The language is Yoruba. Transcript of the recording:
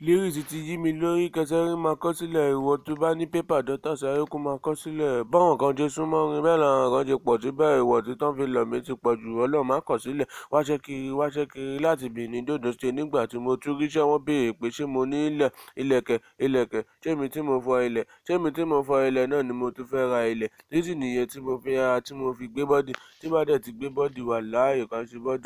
lyrics ti yí mi lórí kẹsẹrí máa kọ sílẹ̀ ìwọ tó bá ní pépà dọ́tà sáyékù máa kọ sílẹ̀ báwọn kan ṣe súnmọ́ orin bẹ́ẹ̀ làwọn kan ṣe pọ̀ tó bẹ́ẹ̀ ìwọ títàn fi lọ̀ mí ti pọ̀ jù ọlọ́run má kọ̀ sílẹ̀ wáṣẹ́ kiri wáṣẹ́ kiri láti Benin dòdò ṣe nígbà tí mo tún ríṣẹ́ wọn béèrè pé ṣé mo ní ilẹ̀ ilẹ̀kẹ̀ ilẹ̀kẹ̀ ṣé mi tí mo fọ ilẹ̀ ṣé mi tí mo fọ ilẹ̀ náà ni mo tún fẹ́ ra ilẹ̀ nísìnyìí tí mo fi ara tí mo fi gbé bọ́dì tí bá dẹ̀ ti gbé bọ́dì wà láàyè kan ṣe bọ́dì.